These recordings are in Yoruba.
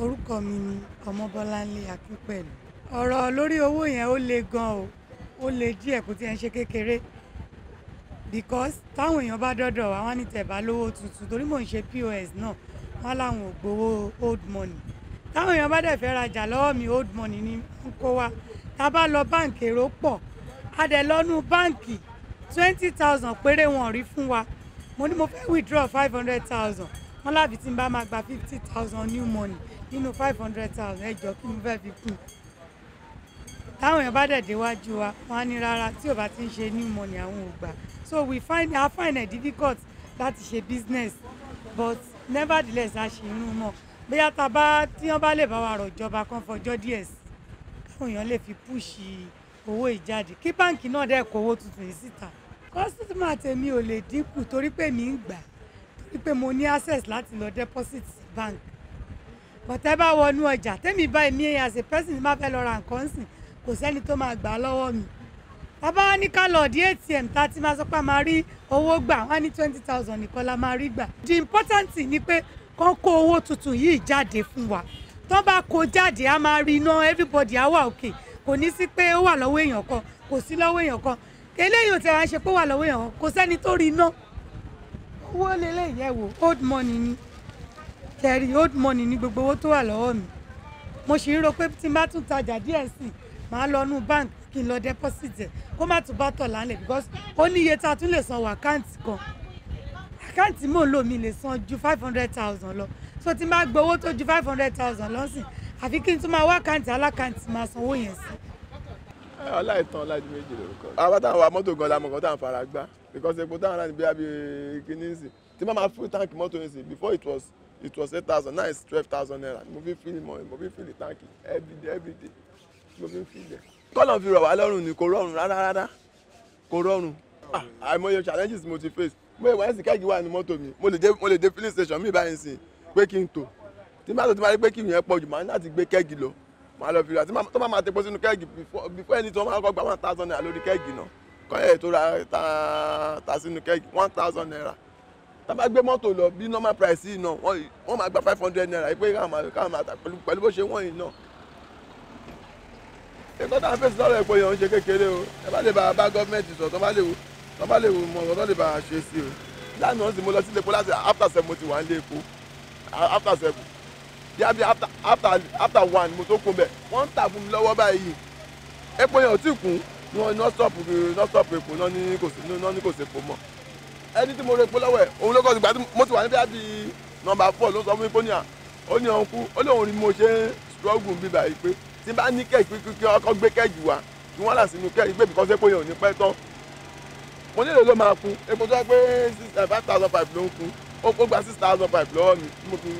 Orúkọ mi ni Ọmọbọ́láńlé Akínpẹ̀lú. Ọ̀rọ̀ lórí owó yẹn ó le gan o, ó le díẹ̀ kó tí ẹ ń ṣe kékeré because táwọn èèyàn bá dọ́dọ̀ wá wọ́n ní tẹ̀bá lówó tuntun torí mò ń ṣe POS náà wọ́n láwọn ò gbowó old money. Táwọn èèyàn bá dẹ̀ fẹ́ rajà lọ́wọ́ mi old money ni ń kó wa. Tá a bá lọ báǹkì èrò pọ̀, a dẹ̀ lọ́nu báǹkì twenty thousand péré wọn rí fún wa. Mo ní mo fẹ́ withdraw five hundred thousand wọ́n láfi tí n bá máa gba fifty thousand new money nínú five hundred thousand ẹjọ́ kí mo fẹ́ fi kún táwọn èèyàn bá dẹ̀ déwájú wa wọn á ní rárá tí ò bá ti ń ṣe new money àwọn ò gbà so we find I find it difficult láti ṣe business but nevertheless a ṣì ń mọ̀ bóyá tá a bá tí wọ́n bá lè bá wa rọ̀ ìjọba kan fọjọ́ díẹ̀ sí káwọn èèyàn lè fi púùsì owó ìjáde kí báǹkì náà dẹ̀ kó owó tuntun yìí síta kọ́sítọ́mà tèmi ò lè dínkù torí pé mi ń gbà torí pé mo ní access láti lọ deposit bank bọ̀tẹ́ bá wọnú ọjà tẹ́mi bá èmi as a person má fẹ́ lọ ra nǹkan sìn kò sẹ́ni tó máa gbà á lọ́wọ́ mi bàbá wa ní ká lọ di atm tá a ti máa sọ pé a máa rí owó gbà wá ní twenty thousand nìkan la máa rí gbà the important thing ni pé kán kó owó tuntun yìí jáde fún wa tó bá kó jáde a máa rí iná everybody á wà òkè kò ní sí pé ó wà lọ́wọ́ èèyàn kan kò sí lọ́wọ́ èèyàn kan eléyìí ò tẹ̀ wá ṣe pé ó wà lọ́wọ́ èèyàn kan kò sẹ́ni tó rí iná owó lélẹ́yẹ̀ wò old money ni tẹ̀rí old money ní gbogbo owó tó wà lọ́wọ́ mi mo sì ń ro pé tí n bá tún tajà díẹ̀ sí màá lọ nú bank kí n lọ deposit ẹ̀ kó má tún bá tọ̀ lálẹ́ because ó ní iye tá a tún lè san àkáǹtì kan àkáǹtì mò ń lò mí lè san ju five hundred thousand lọ so tí n bá gbowó tó ju five hundred thousand lọ́sìn àfi kí n tún máa wá àkáǹtì alákàǹtì máa sanwó yẹn sí ọláìtàn ọlájú méjì lórúkọ. àwọn táwọn wa mọ́tò gan-an lamọ̀kọ́ táwọn fara gbá because epo táwọn náà ní bí abí kíní sí tí màmá fún táǹkì mọ́tò yẹn sí before it was it was eight thousand now it's twelve thousand naira mo fi feel mo mo fi feel táǹkì everyday everyday mo fi feel there. kọ́lọ̀ fi rọ̀ wá lọ́rùn ni kò rọrùn rárá rárá kò rọrùn ah, àìmọye challenges mo ti face mo ìwà ẹ̀sìn kẹ́gì wà ní mọ́tò mi mo lè dé mo lè dé filling station mi báyìí sìn pé kí n tò tí màtò tí màá rí pé kí n yẹn pọ̀ jù màá ní láti gbé kẹ́gì lọ máa lọ fi àti tó máa máa tepo sínú kẹ́ẹ̀gì before ẹni tí wọ́n máa kọ́ gba one thousand naira lórí kẹ́ẹ̀gì náà kọ́ ẹ̀ tó ra ta ta sínú kẹ́ẹ̀gì one thousand naira tá a bá gbé mọ́tò lọ bí normal price yìí náà wọ́n máa gba five hundred naira yìí pé káwọn máa tà pẹ̀lú bó ṣe wọ́n yìí náà ẹ̀kọ́ tá a fèsì lọ́rọ̀ ẹ̀pọ̀ yẹn ń ṣe kékeré o ẹ bá lè bá bá gọ́ọ̀mẹ̀ntì sọ tó bá lè tó bá lè mọ ọ̀rọ̀ tó lè bá ṣe sí o lánàá sì mo lọ sí ilé epo yàbí after after after one mo tó kún bẹ̀ wọ́n ń tà fún mi lọ́wọ́ báyìí epo yẹn ò tí kún ni wọ́n iná stop iná stop epo náà ní kò sí náà ní kò sí epo mọ́ ẹni tí mo re epo lọ́wọ́ ẹ̀ òun ló kọ́ sí gbà tí mo ti wà níbi àbí nọmba four ló sọ fún mi pé ó ní à ó ní ọ̀hún kú ó ní òun ni mo ṣe ń struggle bíbà yìí pé tí bá ní kẹ́ẹ̀kì kí ọkọ̀ gbé kẹ́ẹ̀jì wá kí wọ́n là sínú kẹ́ẹ̀kì pé bìkọ́sẹ́ pé yẹn ò ní pẹ́ tán mo nílò ló máa kú epo tó yẹ pé five thousand five ló ń kú ó kó gba six thousand five lọ́wọ́ mi tí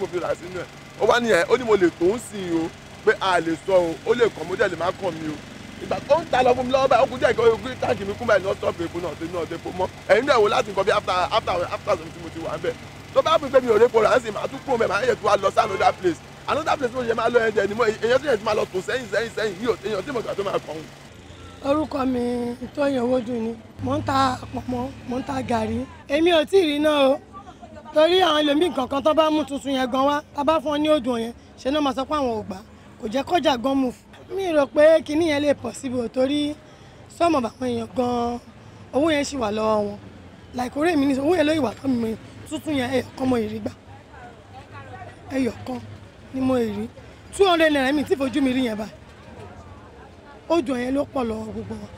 mo fi rà sínú ẹ̀ ó wá nìyẹn ó ní mo lè tó ń sìn o pé a lè sọ o ó lè kàn mo dẹ̀ lè má kàn mi o ìgbà tó ń ta lọ fún mi lọ́wọ́ báyìí ó kú jẹ́ ìkọ́ ogun táǹkì mi kún báyìí ní ọ̀tọ̀ pèpò náà tẹ́lẹ̀ náà tẹ́pọ̀ mọ́ ẹ̀yin náà wò láti nǹkan bí after after some tí mo ti wà ń bẹ̀ tó bá fi pé mi ò répo rà ń sìn máa tún kúrò mẹ́ máa yẹ kí wàá lọ sí another place another place mo ṣe máa lọ ẹ̀jẹ̀ ni mo èèyàn tí yẹn ti máa lọ tò sẹ́yìn sẹ́yìn sẹ́yìn yìí èèyàn tí mo gbà tó máa kàn orúkọ mi Tóyìn Owódù ni mò ń ta àpọ̀mọ́ mò ń ta gàrí èmi ò tí rí náà o torí àwọn ẹlòmíì kankan tó bá mú tuntun yẹn gan wá tá a bá fún ọ ní òdùn yẹn ṣe náà máa sọ pé àwọn ò gbà kò jẹ́ kọjá gan mú fún mi rò pé kinní yẹn lè possible torí sọ́ọ̀mọ̀ bàbá èèyàn gan owó yẹn ṣì wà lọ́wọ́ wọn láìkó rèé mi ní owó yẹn ló ìwà kan mi tuntun yẹn ẹyọ kan mo rí gbà ẹyọ kan ni mo rí two hundred naira mi tí fojú mi rí yẹn báyìí òdùn yẹn ló pọ̀ lọ́wọ́ gbogbo wọn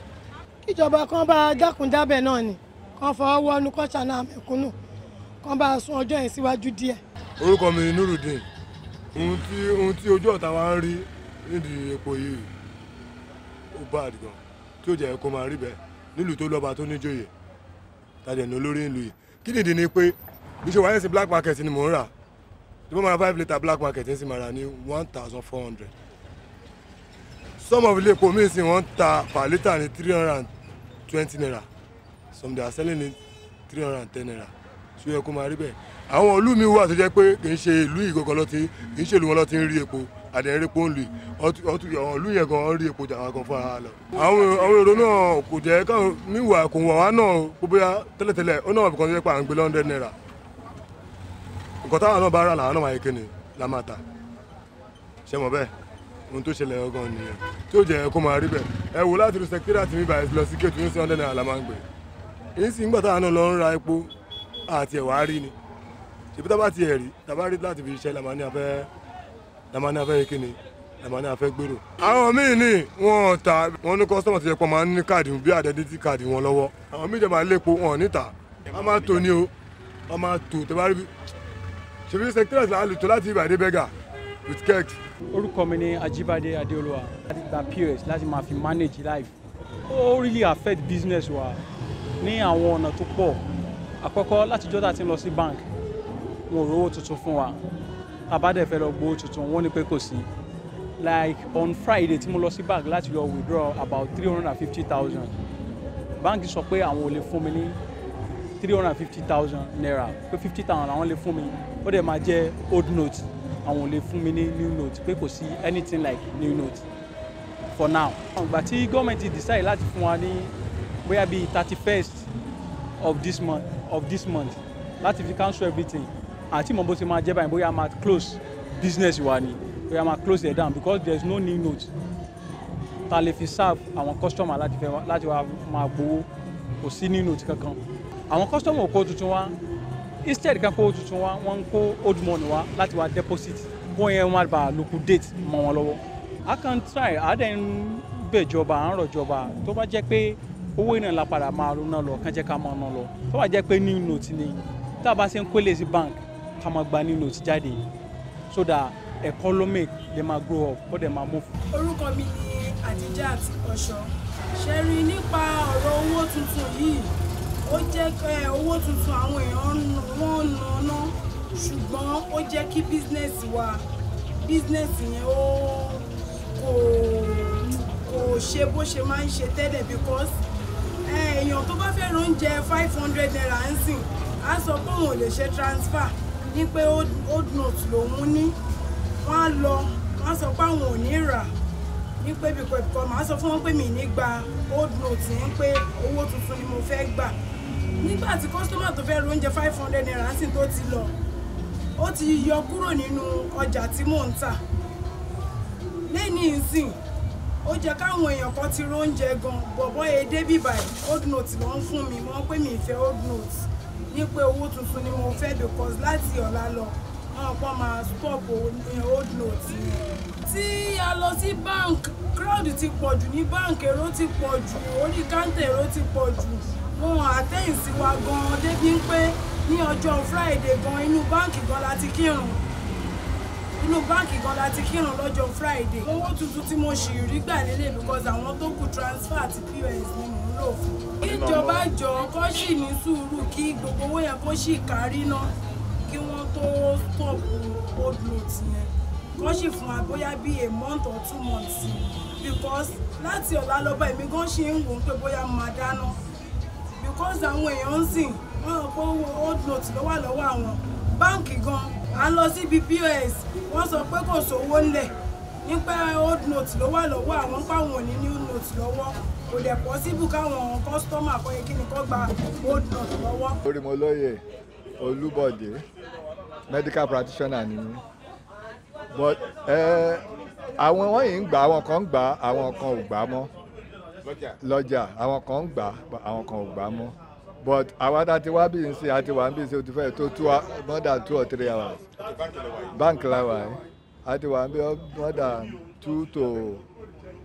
kíjọba kan bá dákúndábẹ̀ náà ni kan fọwọ́ wọnú kọ́ṣà kán bá sún ọjọ́ yẹn síwájú díẹ̀. orúkọ mi ni nurudeen ohun tí ohun tí ojú ọ̀tá wa ń rí nídìí epo yìí ó bá àdìgàn tí ó jẹ́ kó máa rí bẹ́ẹ̀ nílùú tó lọ́ba tó níjòyè tàdé ní olórí ìlú yìí kí nìdí ni pé bí ṣe wáyé sí black market ni mò ń rà tí mo máa five litre black market ń sì máa rà ní one thousand four hundred some of ilé epo míì sì wọ́n ń ta per litre ní three hundred and twenty naira some they are selling ní three hundred and ten naira ṣó yẹ kó máa rí bẹ́ẹ̀ àwọn ìlú mi wà tó jẹ́ pé kì í ṣe ìlú ìgangan lọ́ti kì í ṣe ìlú wọn lọ́ti ń rí epo àdéhùn epo ń lè ọtún àwọn ìlú yẹn gan rí epo jàǹkà kan fúnra lọ. àwọn àwọn èrò náà kò jẹ́ káwọn níwà kò wà wá náà bóyá tẹ́lẹ̀tẹ́lẹ̀ ó náà kàn jẹ́ pé à ń gbé lọ́ndẹ̀ náírà nǹkan táwọn náà bá rà làwọn náà máa yẹ kéne la máa ta ṣe mọ̀ bẹ́ẹ̀ ohun tó ṣẹlẹ̀ ọgàn nìyẹn tí ó jẹ́ kó máa rí bẹ́ẹ̀ ẹ wò láti rí sẹkítírà tì mí báyìí lọ sí kéètù ní sí ọ̀ndẹ̀ náírà la máa ń gbé èyí sì ń gbà táwọn náà lọ ń ra epo àti ẹ̀wà rí ni ṣèbí tá bá ti ẹ̀rí tá bá rí láti fi ṣiṣẹ́ làmánì afẹ́ làmánì afẹ́ yìí kíni làmánì afẹ́ gbèrò. àwọn míì ní wọn ta wọn ní kọ́sítọ́mù ti yẹ pọ̀ máa ń ní káàdì bí àdẹ́dẹ́tì káàdì wọn lọ́wọ́ àwọn míì jẹba lépo wọn níta wọn máa tó ní o wọn máa tó bá rí bí ṣèbí sẹkítẹ́rẹ̀tì láti tó láti ìbàdí bẹ́gà with cake. orúkọ mi ni Ajíbádé Adéolúwa láti gba POS láti máa fi manage life ó really affect business wa ní àwọn ọ̀nà tó pọ̀ àkọ́kọ́ látijọ́ tá a ti lọ sí bank wọn ò rówó tuntun fún wa tá a bá dẹ̀ fẹ́ lọ gbowó tuntun wọ́n ní pé kò sí like on Friday tí mo lọ sí bank láti lọ withdraw about three hundred and fifty thousand Bank sọ pé àwọn ò lè fún mi ní three hundred and fifty thousand naira pé fifty thousand àwọn lè fún mi ó dẹ̀ máa jẹ́ old note àwọn ò lè fún mi ní new note pé kò sí anything like new note for now. ìgbà tí gọ́ọ̀mẹ̀ntì decide láti fún wa ní bóyá bíi thirty first of this month of this month láti fi cancel everything àti mọ̀ bó ṣe máa jẹ́ báyìí bóyá máa close business wa ni bóyá máa close it down because there is no new note ta lè fi serve àwọn customer láti fẹ́ láti wá máa gbowó kò sí new note kankan àwọn customer kó tuntun wá instead kan kó tuntun wá wọ́n ń kó old money wá láti wá deposit kó yẹn wọ́n bá liquidate mọ́ wọn lọ́wọ́ I can try a dẹ̀ ń bẹ̀jọba à ń rọ̀jọba tó bá jẹ́ pé owó iná la padà máa ronú lọ kàn jẹ́ ká máa ná lọ tó bá jẹ́ pé new note ni tá a bá ṣe ń kólé sí bank ká máa gba new note jáde so that economic dey ma grow up ó dẹ̀ ma move. orúkọ mi ni Adijat Osho ṣe rí nípa ọ̀rọ̀ owó tuntun yìí ó jẹ́ owó tuntun àwọn èèyàn wọ́n ń ná ṣùgbọ́n ó jẹ́ kí bísínẹ́sì wa Business yẹn ó kò kò ṣe bó ṣe máa ń ṣe tẹ́lẹ̀ because èèyàn tó bá fẹ́ ra oúnjẹ five hundred naira ń sìn á sọ pé òun ò lè ṣe transfer ní pé old note lòun ní wọ́n á lọ wọ́n á sọ pé àwọn ò ní rà ní pé bìkọ́ ìbìkọ́ màá sọ fún wọn pé mi ní gba old note yẹn pé owó tuntun ni mo fẹ́ gbà nígbà tí kọ́sítọ́mà tó fẹ́ ra oúnjẹ five hundred naira ń sìn tó ti lọ ó ti yọ kúrò nínú ọjà tí mò ń tà lẹ́ni ìsìn ó jẹ́ káwọn èèyàn kan ti róúnjẹ gan bọ̀bọ́ edé bíbà old note ló ń fún mi mo ń mi mí old note ní pé owó tuntun ni mo fẹ́ because láti ọ̀la lọ wọn kọ́ máa stop old note yẹn. tí a lọ sí bank crowd ti pọ̀ jù ní bank èrò ti pọ̀ jù orí káńtà èrò ti pọ̀ jù wọn àtẹ̀yìn sí wa gan-an débi pé ní ọjọ́ Friday gan inú báǹkì gan la ti kírun inú báǹkì kan láti kírun lọ́jọ́ friday owó tuntun tí mo ṣì rí gbà lélẹ̀ because àwọn tó kù transfer àti pos ni mò ń lò fún. ìjọba jọ kó sì ní sùúrù kí gbogbo owó yẹn kó sì kárí ná kí wọ́n tó stop old note yẹn kó sì fún wa bóyá bíi a month or two months because láti ọ̀la lọ́ba èmi gan ṣe ń wò ó pé bóyá máa dáná because àwọn èèyàn ń sìn wọ́n rò pé old note ló wà lọ́wọ́ àwọn báǹkì gan à ń lọ síbi pos wọ́n sọ pé kò sówó ńlẹ̀ nípa old note ló wà lọ́wọ́ àwọn páwọn ò ní new note lọ́wọ́ kò dẹ̀ pọ́síbù káwọn kọ́sítọ́mà kọ́ yẹ kí ni kọ́ gba old note lọ́wọ́. orí mo lóye Olúbọ̀dé medical practitioner ni but àwọn wọ̀nyí ń gbà àwọn kan ń gbà àwọn kan ò gbà mọ́ lọ́jà àwọn kan ń gbà àwọn kan ò gbà mọ́ but àwa tá a ti wá bí n ṣe a ti wà ń bí ṣe o ti fẹ́ tó two more than two or three hours bank la wà yìí a ti wà bí more than two to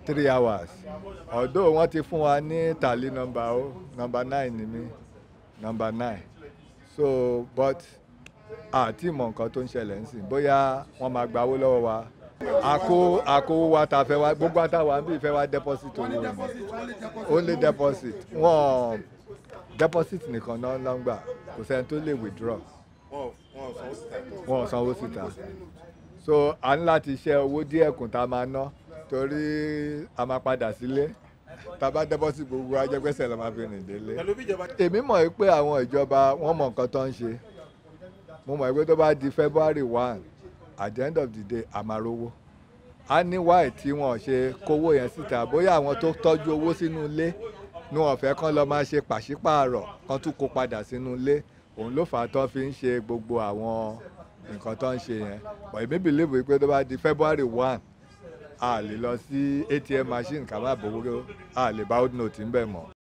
three hours although wọ́n ti fún wa ní tàlí nọ́mbà o nọ́mbà nine ni mí nọ́mbà nine so but àti mọ̀ nǹkan tó ń ṣẹlẹ̀ ń sìn bóyá wọ́n máa gbawó lọ́wọ́ wa àkó àkó wa ta fẹ́ wa gbogbo àtàwọn àbí ìfẹ́ wa deposit owó only deposit Wow deposit nìkan náà ló ń gbà kò sẹ́ni tó lè withdraw wọn ò sanwó síta so a ní láti ṣe owó díẹ̀ kùn tá a máa ná torí a máa padà sílé tá a bá deposit gbogbo ajẹgbẹ́sẹ̀ la máa fi rìn délé èmi mọ̀ pé àwọn ìjọba wọ́n mọ̀ nǹkan tó ń ṣe mo mọ̀ pé tó bá di February one at the end of the day a máa rówó a ní wáì tí wọn ṣe kówó yẹn síta bóyá àwọn tó tọ́jú owó sínú ilé ní wọn fẹ́ kán lọ máa ṣe pàṣípààrọ̀ kán tún kó padà sínú ilé òun ló fà á tán fi ń ṣe gbogbo àwọn nǹkan tó ń ṣe yẹn but èmi believe pé tó bá di February one a lè lọ sí ATM machine ká má bòwúrò a lè bá old note ń bẹ̀ mọ́.